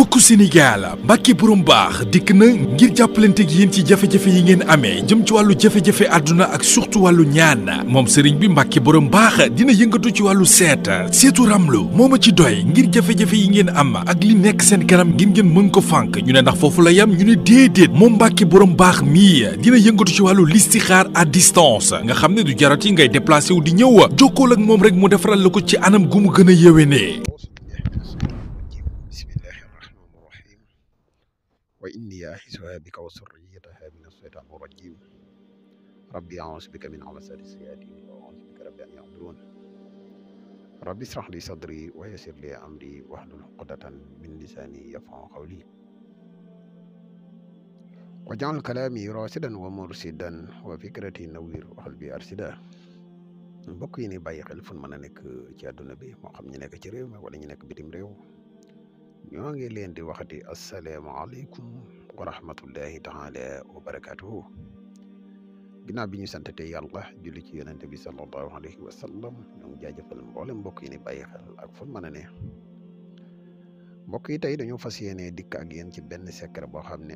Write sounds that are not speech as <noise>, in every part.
mbokku senegal mbacke burum bax dik na ngir jàppalante ak yeen ci jafe-jafe yi ngeen amé jëm ci walu jafe-jafe aduna ak surtout walu ñaan mom sëriñ bi mbacke burum bax dina yëngatu ci walu sét sétu ramlu moma ci doy ngir jafe-jafe yi ngeen am ak li nekk seen kanam ngir ngeen mën ko fank ñu né ndax fofu la yam ñu né déedéet mom mbacke burum bax mi dina yëngatu ci walu listikhar à distance nga xamné du jarati ngay déplacer wu di ñëw jokkol ak mom rek mu défaral lako ci anam gumu gëna yewé né wa inni a'iizuhaa bika wa a mina shaytaani rajiim rabbi a'uuzu bika min hamazati shayaatiin wa a'uuzu bika rabbi an yahduruun rabbi ishrah li sadrii wa yassir li amrii wahlul uqdatan min lisaanii yafqahuu qawlii waj'al kalaamii raashidan wa murshidan wa fikratii nawwir wa qalbii arshidaa mbokk yi ni bàyyi xel fu mën a nekk ci àdduna moo xam ñu nekk ci réew wala ñu nekk bitim réew ñoo len di waxati alaykum wa rahmatullahi taala wa barakatuh ginaa biñu ñu santete yàlla julli ci yonente bi sallallahu alayhi wa sallam ñoo ngi mbolé mbokk yi ni baye xal ak fu mëna né mbokk yi tay dañu fas dik ak yeen ci benn secret bo xamné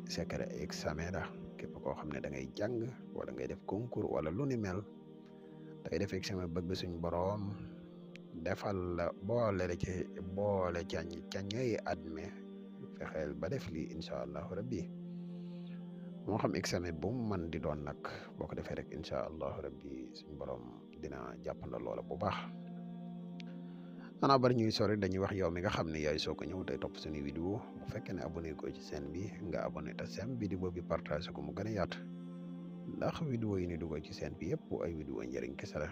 examen la képp ko xamné da ngay jang wala ngay def concours wala lu ni mel tay def examen bëgg suñu borom defal la boole la ci boole cañ cañ ngay admet fexel ba def li incha rabbi mo xam examen bu man di doon nak boko ko rek incha allah rabbi sun borom dina na lola bu baax. xanaa bari ñuy sori dañuy wax yow mi nga xamni yoy soko ñew tay top tey topp suñu vidéo bu fekke ne abonné ko ci seen bi nga abonné te bi di bobu partager ko mu gëna ndax vidéo yi ni dugal ci seen bi yépp ay vidéo njëriñ kese la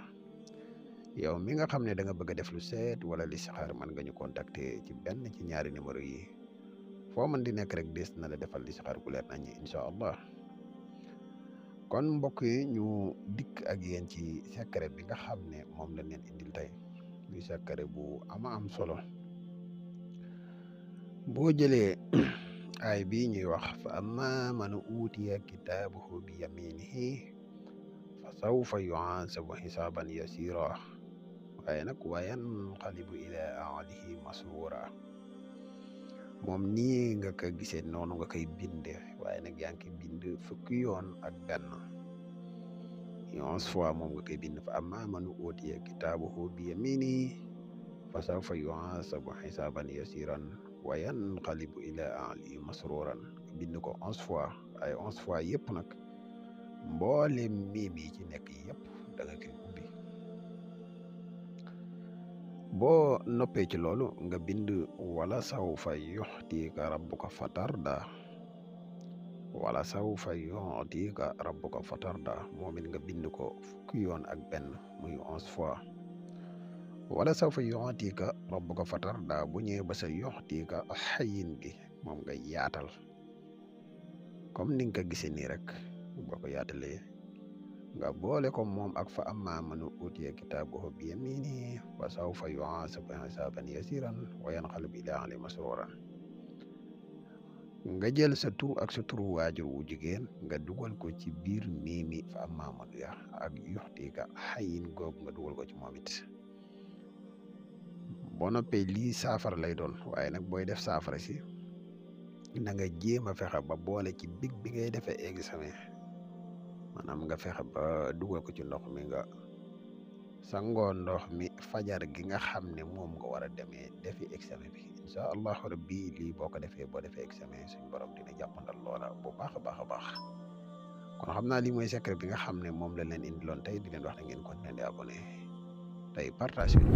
yow mi nga xam ne danga nga bëgg a def lu seet wala listixaar mën nga ñu contacter ci benn ci ñaari numéro yi foo mën di nekk rek des na la defal listixaar ku leer nañ incha allah kon mbokk yi ñu dikk ak yéen ci secret bi nga xam ne moom lañ leen indil tey muy secret bu ama am solo boo jëlee <clears throat> ay bii ñuy wax fa amma man uutiya kitaabahu bi yaminihi fa sawfa yuhaasabu xisaaban yasira waaye nag wa yanqalibu ila ahlihi masruura moom nii nga ko noonu nga koy binde waaye nag yaa ngi koy bind fukki yoon ak benn onze fois moom nga koy bind fa amma man utiya kitaabahu bi yaminihi fa sawfa yuhasabu yasiran wa yanqalibu ila ahlihi masruuran bind ko ay onze fois yëpp nag mboolem miim yi ci nekk yëpp boo noppee ci loolu nga bind wala saw fa yuxtiika rabbuka fatarda wala saw fa yuxtiika rabbuka fatarda moom nga bind ko fukki yoon ak benn muy onze fois wala saw fa yuxtiika rabbuka fatarda bu ñëwee sa yuxtiika xayin gi moom nga yaatal comme ni nga ko gisee nii rek boo ko yaatalee nga boole ko moom ak fa amma man utiya kitaabahu bi yaminihi fa sawfa yuhaasabu hisaaban yasiran wa yanqalibu ilaa ahlihi masruuran nga jël sa tur ak sa turu waajur wu jigéen nga dugal ko ci biir miimi fa amma man ya ak yuxtika xayin googu nga dugal ko ci moom it boo noppee lii saafara lay doon waaye nag booy def saafara si na nga jéem fexe ba boole ci big bi ngay defee examen maanaam nga feexe ba dugal ko ci ndox mi nga sangoo ndox mi fajar gi nga xam ne moom nga war a demee defi examen bi incha allahu rabbi lii boo ko defee boo defee examen suñ borom dina jàppandal loola bu baax a bax a baax kon xam naa lii mooy secret bi nga xam ne moom la leen indiloon tey di leen wax na ngeen continuer di abonné tey partage bi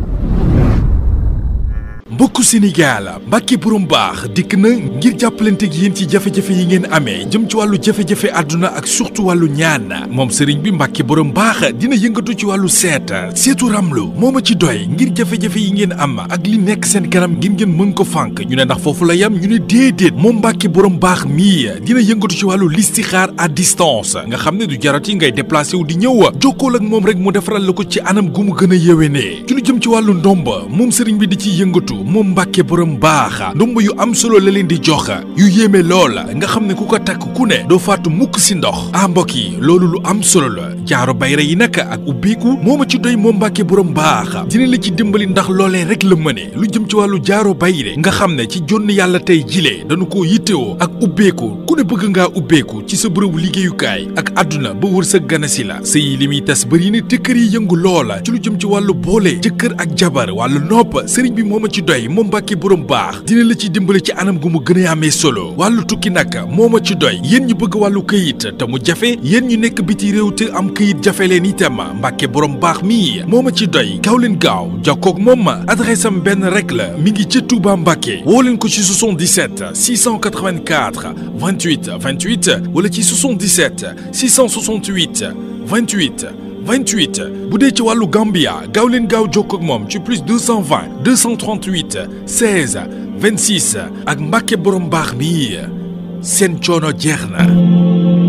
mbokk senegal mbacke borom bax di na ngir jàppalante ak ci jafe-jafe yi ngeen amé jëm ci walu jafe-jafe aduna ak surtout walu ñaan mom serigne bi mbacke borom bax dina yëngatu ci walu set setu ramlu moma ci doy ngir jafé jafé yi ngeen am ak li nekk seen kanam ngir ngeen mën ko fank ñu ne ndax fofu la yam ñu ne déedéet mom mbacke borom bax mi dina yëngatu ci walu listikhar à distance nga xamné ne du jarati ngay déplacer wu di ñëw ak mom rek mu défaral lako ci anam gumu gëna gën a ci lu jëm ci walu ndomba mom serigne bi di ci yëngatu moom mbàkke borom baax ndomb yu am solo la leen di jox yu yéeme loola nga xam ne ku ko takk ku ne doo faatu mukk si ndox ah mbokk yi loolu lu am solo la jaaro bayra yi nag ak ubbiku moo ma ci doy moom mbàkke borom baax dina la ci dimbali ndax loolee rek la mëne lu jëm ci wàllu jaaro bayre nga xam ne ci jonn yàlla tey jile dañu koo yittewoo ak ubbeeku ku ne bëgg ngaa ubbeeku ci sa bërëbu liggéeyukaay ak àdduna ba wër sa ganasi la sëy li muy tas bëri na te kër yi yëngu loola ci lu jëm ci wàllu boole jëkkër ak jabar wàllu nopp sëriñ bi moo ma ci doy doy moom borom baax dina la ci dimbali ci anam gu mu yame solo walu tukki nak moma ci doy yeen ñu bëgg walu këyit te mu jafe yeen ñu nekk biti réew am këyit jafe leni itam Mbacké borom baax mii moma ci doy adresse am Ben rek la mi ngi ci Touba Mbacké ko ci 77 684 28 28 wala ci 77 668 28 28 bu dee ci wàllu Gambia gaaw leen gaaw jokkoo moom ci plus 220 238 16 26 ak Mbàkke borom baax mi seen coono jeex na.